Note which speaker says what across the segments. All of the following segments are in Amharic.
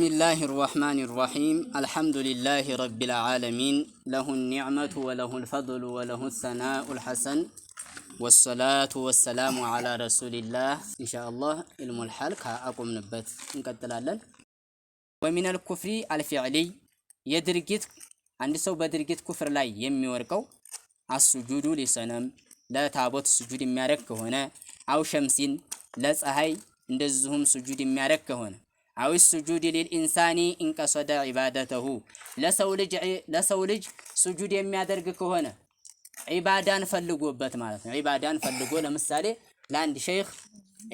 Speaker 1: بسم الله الرحمن الرحيم الحمد لله رب العالمين له النعمة وله الفضل وله الثناء الحسن والصلاة والسلام على رسول الله إن شاء الله علم الحال أقوم نبت نقتل ومن الكفر الفعلي يدرجت عند سو بدرجت كفر لا يمي ورقو السجود لسنم لا تعبط السجود مارك هنا أو شمسين لا ፀሐይ እንደዚሁም سجود مارك هنا አዊ ሱጁድ ሊልኢንሳኒ እንቀሰደ ዒባደተሁ ለሰው ልጅ ስጁድ የሚያደርግ ከሆነ ዒባዳን ፈልጎበት ማለት ነው። ዒባዳን ፈልጎ ለምሳሌ ለአንድ ሸይኽ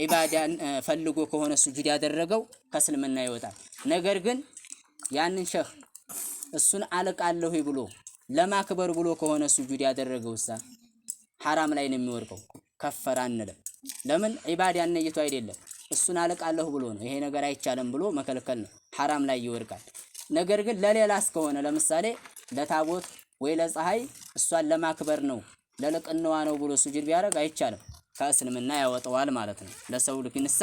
Speaker 1: ዒባዳን ፈልጎ ከሆነ ስጁድ ያደረገው ከእስልምና ይወጣል። ነገር ግን ያንን ሸይኽ እሱን አልቃለሁ ብሎ ለማክበር ብሎ ከሆነ ስጁድ ያደረገው እሳ ሐራም ላይ ነው የሚወድቀው። ከፈር አንልም። ለምን ዒባዳን ነይቶ አይደለም እሱን አለቃለሁ ብሎ ነው። ይሄ ነገር አይቻልም ብሎ መከልከል ነው፣ ሐራም ላይ ይወድቃል። ነገር ግን ለሌላ ከሆነ ለምሳሌ ለታቦት ወይ ለፀሐይ እሷን ለማክበር ነው ለልቅናዋ ነው ብሎ ሱጁድ ቢያደርግ አይቻልም፣ ከእስልምና ያወጣዋል ማለት ነው። ለሰው ልክ ንሳ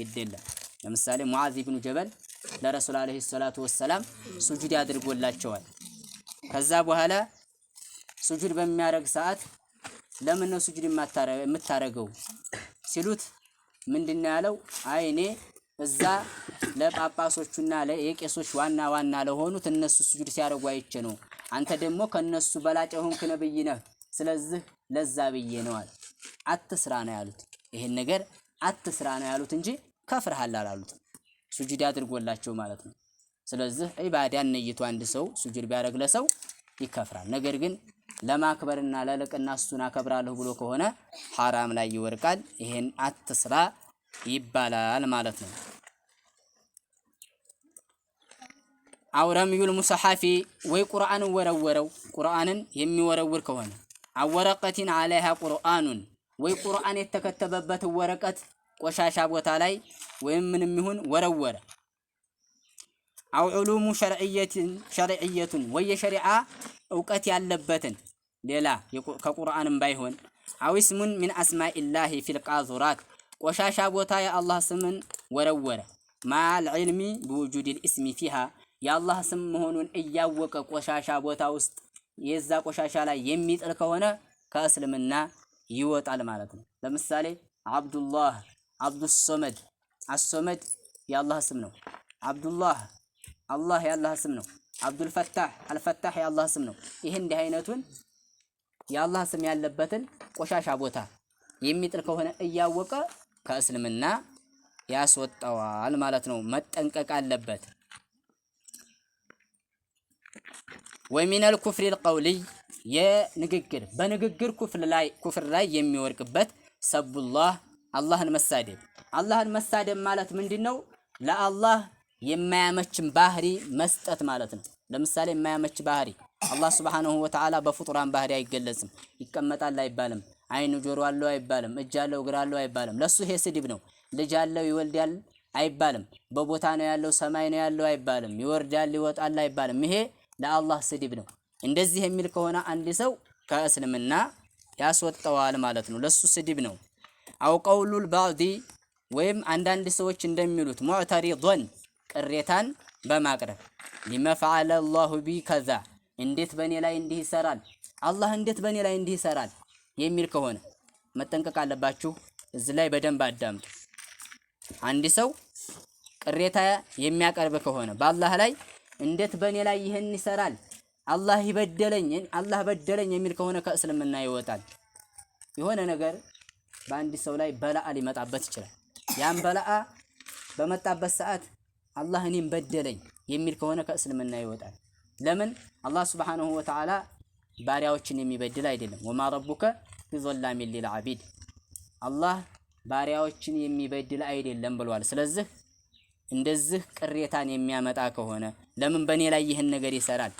Speaker 1: ይደለም። ለምሳሌ ሙዓዝ ኢብኑ ጀበል ለረሱል ሰላቱ ወሰላም ሱጁድ ያድርጎላቸዋል። ከዛ በኋላ ስጁድ በሚያደርግ ሰዓት ለምን ነው ሱጁድ የምታረገው ሲሉት ምንድን ያለው? አይ እኔ እዛ ለጳጳሶቹና የቄሶች ዋና ዋና ለሆኑት እነሱ ስጁድ ሲያደርጉ አይቼ ነው። አንተ ደግሞ ከነሱ በላጭ ሆንክ ነብይ ነህ። ስለዚህ ለዛ ብዬ ነው አለ። አትስራ ነው ያሉት። ይሄን ነገር አትስራ ነው ያሉት እንጂ ከፍርሃል አላሉት። ስጁድ አድርጎላቸው ማለት ነው። ስለዚህ ኢባዳን ነይቶ አንድ ሰው ስጁድ ቢያደርግ ለሰው ይከፍራል። ነገር ግን ለማክበርና ለልቅና እሱን አከብራለሁ ብሎ ከሆነ ሐራም ላይ ይወድቃል። ይሄን አትስራ ይባላል ማለት ነው። አውረምዩል ሙሰሐፊ ወይ ቁርአንን ወረወረው ቁርአንን የሚወረውር ከሆነ አወረቀቲን አለይሃ ቁርአኑን ወይ ቁርአን የተከተበበትን ወረቀት ቆሻሻ ቦታ ላይ ወይም ምንም ይሁን ወረወረ። አው ዑሉሙ ሸርዕየትን ወይ የሸሪዓ እውቀት ያለበትን ሌላ ከቁርአንም ባይሆን አዊስሙን ሚን አስማኢላሂ ፊልቃዙራት ቆሻሻ ቦታ የአላህ ስምን ወረወረ። ማል ዒልሚ ብውጁዲል እስሚ ፊሃ የአላህ ስም መሆኑን እያወቀ ቆሻሻ ቦታ ውስጥ የዛ ቆሻሻ ላይ የሚጥል ከሆነ ከእስልምና ይወጣል ማለት ነው። ለምሳሌ አብዱላህ፣ አብዱሶመድ። አሶመድ የአላህ ስም ነው። አብዱላህ አላህ የአላህ ስም ነው። አብዱልፈታህ፣ አልፈታህ የአላህ ስም ነው። ይህ እንዲህ አይነቱን የአላህ ስም ያለበትን ቆሻሻ ቦታ የሚጥል ከሆነ እያወቀ ከእስልምና ያስወጣዋል ማለት ነው። መጠንቀቅ አለበት። ወሚነል ኩፍሪል ቀውልይ የንግግር በንግግር ኩፍር ላይ የሚወርቅበት ሰቡላህ አላህን መሳደብ። አላህን መሳደብ ማለት ምንድን ነው? ለአላህ የማያመችን ባህሪ መስጠት ማለት ነው። ለምሳሌ የማያመች ባህሪ አላህ ስብሓነሁ ወተዓላ በፍጡራን ባህሪ አይገለጽም። ይቀመጣል አይባልም። አይኑ ጆሮ አለው አይባልም። እጅ አለው እግር አለው አይባልም። ለሱ ይሄ ስድብ ነው። ልጅ አለው ይወልዳል አይባልም። በቦታ ነው ያለው ሰማይ ነው ያለው አይባልም። ይወርዳል ይወጣል አይባልም። ይሄ ለአላህ ስድብ ነው። እንደዚህ የሚል ከሆነ አንድ ሰው ከእስልምና ያስወጣዋል ማለት ነው። ለሱ ስድብ ነው። አውቀውሉል ቀውሉል ባዕዲ ወይም አንዳንድ ሰዎች እንደሚሉት ሙዕተሪዶን ቅሬታን በማቅረብ ሊመፍዓለ ላሁ ቢ ከዛ እንዴት በእኔ ላይ እንዲህ ይሰራል? አላህ እንዴት በእኔ ላይ እንዲህ ይሰራል? የሚል ከሆነ መጠንቀቅ አለባችሁ። እዚህ ላይ በደንብ አዳምጡ። አንድ ሰው ቅሬታ የሚያቀርብ ከሆነ በአላህ ላይ እንዴት በእኔ ላይ ይህን ይሰራል፣ አላህ ይበደለኝ፣ አላህ በደለኝ የሚል ከሆነ ከእስልምና ይወጣል። የሆነ ነገር በአንድ ሰው ላይ በላአ ሊመጣበት ይችላል። ያን በላአ በመጣበት ሰዓት አላህ እኔም በደለኝ የሚል ከሆነ ከእስልምና ይወጣል። ለምን አላህ ስብሓንሁ ወተዓላ ባሪያዎችን የሚበድል አይደለም። ወማ ረቡከ ቢዘላሚን ሊል አላህ ባሪያዎችን የሚበድል አይደለም ብሏል። ስለዚህ እንደዚህ ቅሬታን የሚያመጣ ከሆነ ለምን በእኔ ላይ ይህን ነገር ይሰራል፣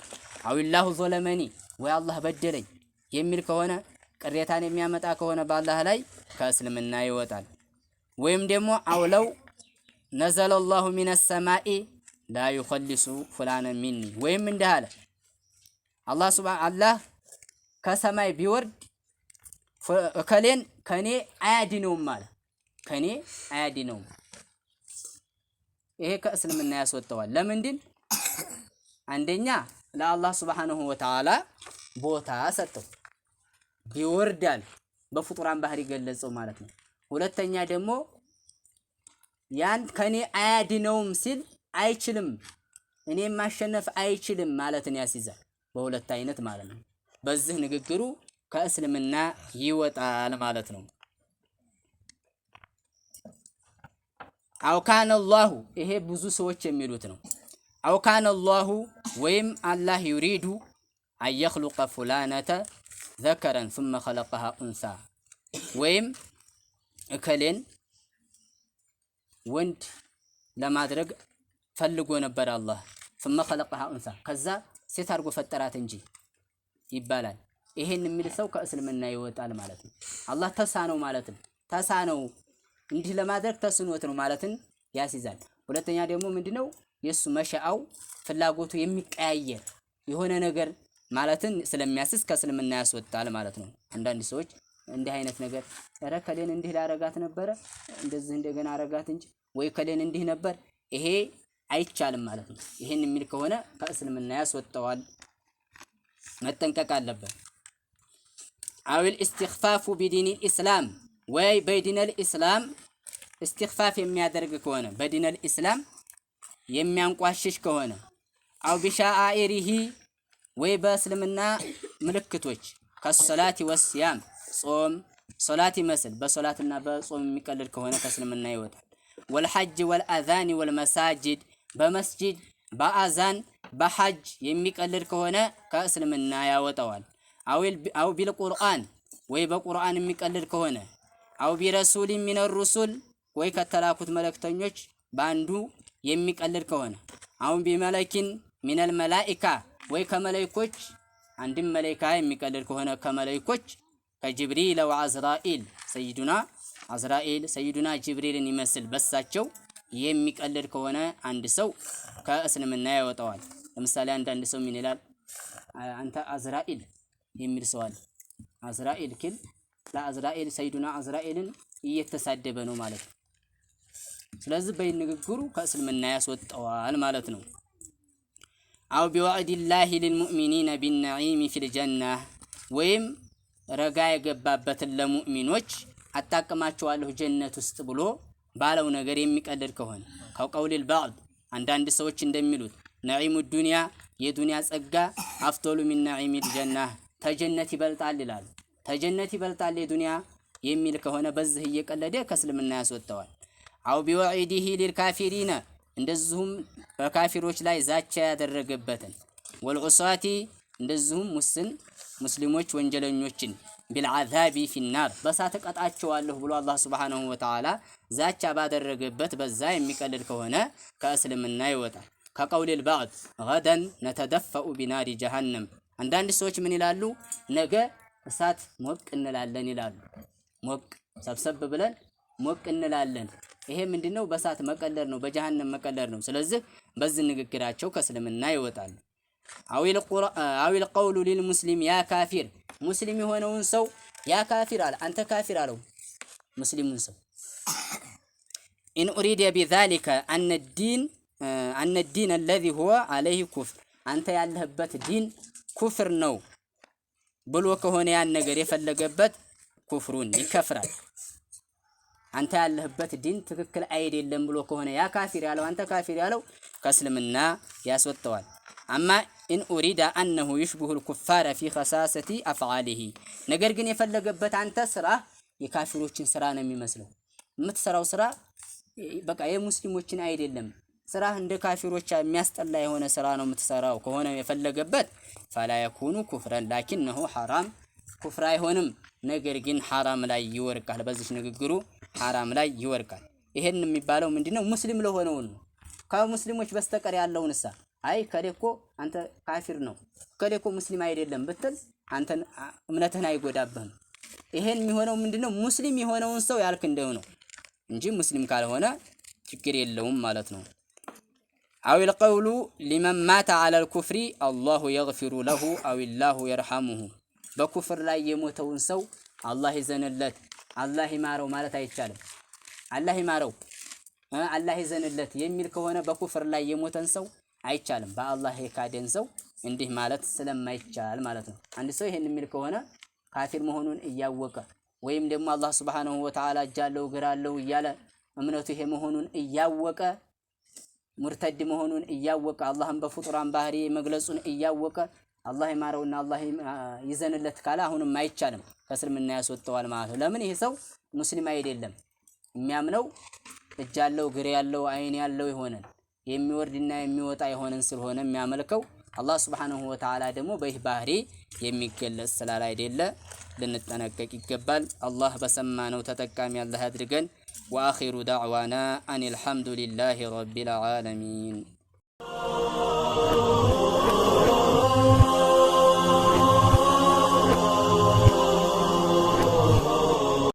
Speaker 1: አዊላሁ ዞለመኒ ወይ አላህ በደለኝ የሚል ከሆነ ቅሬታን የሚያመጣ ከሆነ በአላህ ላይ ከእስልምና ይወጣል። ወይም ደግሞ አውለው ነዘለላሁ ሚነ ሰማኢ ላ ዩኸሊሱ ፉላነ ሚኒ ወይም እንዲህ አለ አላህ ሱብሃነሁ አላህ ከሰማይ ቢወርድ እከሌን ከኔ አያድነውም አለ። ከኔ አያድነውም። ይሄ ከእስልምና ያስወጠዋል። ለምንድን? አንደኛ ለአላህ ሱብሃነሁ ወተዓላ ቦታ ሰጠው ይወርዳል። በፍጡራን ባህሪ ገለጸው ማለት ነው። ሁለተኛ ደግሞ ያን ከኔ አያድነውም ሲል አይችልም፣ እኔም ማሸነፍ አይችልም ማለትን ያስይዛል። በሁለት አይነት ማለት ነው። በዚህ ንግግሩ ከእስልምና ይወጣል ማለት ነው። አውካነ ላሁ ይሄ ብዙ ሰዎች የሚሉት ነው። አውካነ ላሁ ወይም አላህ ዩሪዱ አየኽሉቀ ፉላነተ ዘከረን ሱመ ኸለቀሃ ኡንሳ ወይም እከሌን ወንድ ለማድረግ ፈልጎ ነበር አላህ ثم خلقها انثى ከዛ ሴት አድርጎ ፈጠራት እንጂ ይባላል። ይሄን የሚል ሰው ከእስልምና ይወጣል ማለት ነው። አላህ ተሳ ነው። ማለትም ነው እንዲህ ለማድረግ ተስኖት ነው ማለትን ያስይዛል። ሁለተኛ ደግሞ ምንድነው የእሱ መሻአው ፍላጎቱ የሚቀያየር የሆነ ነገር ማለትን ስለሚያስስ ከእስልምና ያስወጣል ማለት ነው። አንዳንድ ሰዎች እንዲህ አይነት ነገር ኧረ ከሌን እንዲህ ላረጋት ነበረ እንደዚህ እንደገና አረጋት እንጂ ወይ ከሌን እንዲህ ነበር ይሄ አይቻልም ማለት ነው። ይህን የሚል ከሆነ ከእስልምና ያስወጣዋል። መጠንቀቅ አለበት። አዊል እስትክፋፉ ቢዲኒል ኢስላም ወይ በዲነል ኢስላም እስትክፋፍ የሚያደርግ ከሆነ በዲነል ኢስላም የሚያንቋሽሽ ከሆነ አው ቢሻአኢሪሂ ወይ በእስልምና ምልክቶች ከሶላት ወስያም ጾም ሶላት ይመስል በሶላትና በጾም የሚቀልል ከሆነ ከእስልምና ይወጣል። ወልሐጅ ወልአዛኒ ወልመሳጅድ በመስጂድ በአዛን በሐጅ የሚቀልድ ከሆነ ከእስልምና ያወጣዋል። አው ቢልቁርአን ወይ በቁርአን የሚቀልድ ከሆነ አው ቢረሱል ሚነ ሩሱል ወይ ከተላኩት መልእክተኞች በአንዱ የሚቀልድ ከሆነ አው ቢመለኪን ሚነል መላኢካ ወይ ከመለይኮች አንድም መለይካ የሚቀልድ ከሆነ ከመለይኮች ከጅብሪል ወአዝራኢል ሰይዱና አዝራኢል ሰይዱና ጅብሪልን ይመስል በሳቸው የሚቀልድ ከሆነ አንድ ሰው ከእስልምና ያወጣዋል። ለምሳሌ አንዳንድ ሰው ምን ይላል? አንተ አዝራኤል የሚል ሰው አለ። አዝራኤል ክል ለአዝራኤል ሰይዱና አዝራኤልን እየተሳደበ ነው ማለት ነው። ስለዚህ በንግግሩ ከእስልምና ያስወጣዋል ማለት ነው። አው ቢዋዕድላሂ ልልሙእሚኒነ ቢነዒሚ ፊልጀና ወይም ረጋ የገባበትን ለሙእሚኖች አጣቅማቸዋለሁ ጀነት ውስጥ ብሎ ባለው ነገር የሚቀልድ ከሆነ ከቀውልል ባዕድ አንዳንድ ሰዎች እንደሚሉት ነዒሙ ዱንያ የዱንያ ጸጋ አፍቶሉ ሚን ነዒሚ ልጀና ተጀነት ይበልጣል ይላሉ። ተጀነት ይበልጣል የዱንያ የሚል ከሆነ በዚህ እየቀለደ ከእስልምና ያስወጠዋል። አው ቢወዒዲሂ ሊልካፊሪነ እንደዚሁም በካፊሮች ላይ ዛቻ ያደረገበትን ወልዑሳቲ እንደዚሁም ሙስን ሙስሊሞች ወንጀለኞችን ቢልዓዛቢ ፊናር በእሳት እቀጣቸዋለሁ ብሎ አላህ ሱብሓነሁ ወተዓላ ዛቻ ባደረገበት በዛ የሚቀልድ ከሆነ ከእስልምና ይወጣል። ከቀውሊል ባዕድ ገደን ነተደፈኡ ቢናሪ ጀሃነም። አንዳንድ ሰዎች ምን ይላሉ? ነገ እሳት ሞቅ እንላለን ይላሉ። ሞቅ ሰብሰብ ብለን ሞቅ እንላለን። ይሄ ምንድነው? በእሳት መቀለር ነው፣ በጀሃነም መቀለር ነው። ስለዚህ በዚህ ንግግራቸው ከእስልምና ይወጣሉ። አዊል ቀውሉ ሊል ሙስሊም ያ ካፊር፣ ሙስሊም የሆነውን ሰው ያ ካፊር አለ፣ አንተ ካፊር አለው ሙስሊሙን ሰው ኢን ኡሪደ ቢዛሊከ አነዲን አነዲን አለዚ ሁወ አለይህ ኩፍር፣ አንተ ያለህበት ዲን ኩፍር ነው ብሎ ከሆነ ያን ነገር የፈለገበት ኩፍሩን ይከፍራል። አንተ ያለህበት ዲን ትክክል አይደለም ብሎ ከሆነ ያ ካፊር ያለው አንተ ካፊር ያለው ከእስልምና ያስወጣዋል። አማ ኢን ኡሪዳ አነሁ ዩሽብሁል ኩፋረ ፊ ከሳሰቲ አፍዓሊሂ። ነገር ግን የፈለገበት አንተ ስራ የካፊሮችን ስራ ነው የሚመስለው። የምትሰራው ስራ በቃ የሙስሊሞችን አይደለም። ስራ እንደ ካፊሮች የሚያስጠላ የሆነ ስራ ነው የምትሰራው ከሆነ የፈለገበት ፈላ የኩኑ ኩፍረን ላኪነሁ ሐራም ኩፍር አይሆንም። ነገር ግን ሐራም ላይ ይወርቃል። በዚህ ንግግሩ ሐራም ላይ ይወርቃል። ይሄን የሚባለው ምንድነው? ሙስሊም ለሆነውን ከሙስሊሞች በስተቀር ያለውን እሳ አይ ከሌኮ አንተ ካፊር ነው ከሌኮ ሙስሊም አይደለም ብትል አንተን እምነትህን አይጎዳብህም። ይሄን የሚሆነው ምንድነው ሙስሊም የሆነውን ሰው ያልክ እንደው ነው እንጂ ሙስሊም ካልሆነ ችግር የለውም ማለት ነው። አዊል ቀውሉ ሊመን ማተ አለል ኩፍሪ አላሁ የግፊሩ ለሁ አዊላሁ የርሐሙሁ በኩፍር ላይ የሞተውን ሰው አላህ ይዘንለት፣ አላህ ይማረው ማለት አይቻልም። አላህ ይማረው፣ አላህ ይዘንለት የሚል ከሆነ በኩፍር ላይ የሞተን ሰው አይቻልም። በአላህ የካደን ሰው እንዲህ ማለት ስለማይቻል ማለት ነው። አንድ ሰው ይሄን የሚል ከሆነ ካፊር መሆኑን እያወቀ ወይም ደግሞ አላህ ሱብሓነሁ ወተዓላ እጃለው ግራለው እያለ እምነቱ ይሄ መሆኑን እያወቀ ሙርተድ መሆኑን እያወቀ አላህን በፍጡራን ባህሪ መግለጹን እያወቀ አላህ ይማረውና አላህ ይዘንለት ካለ አሁንም አይቻልም፣ ከእስልምና ያስወጣዋል ማለት ነው። ለምን ይሄ ሰው ሙስሊም አይደለም። የሚያምነው እጅ ያለው እግር ያለው አይን ያለው ይሆናል። የሚወርድና የሚወጣ የሆነን ስለሆነ የሚያመልከው አላህ ስብሓንሁ ወተዓላ ደግሞ በይህ ባህሪ የሚገለጽ ስላል አይደለ ልንጠነቀቅ ይገባል። አላህ በሰማነው ተጠቃሚ ያለህ አድርገን። ወአኺሩ ዳዕዋና አን አልሐምዱሊላሂ ረቢል ዓለሚን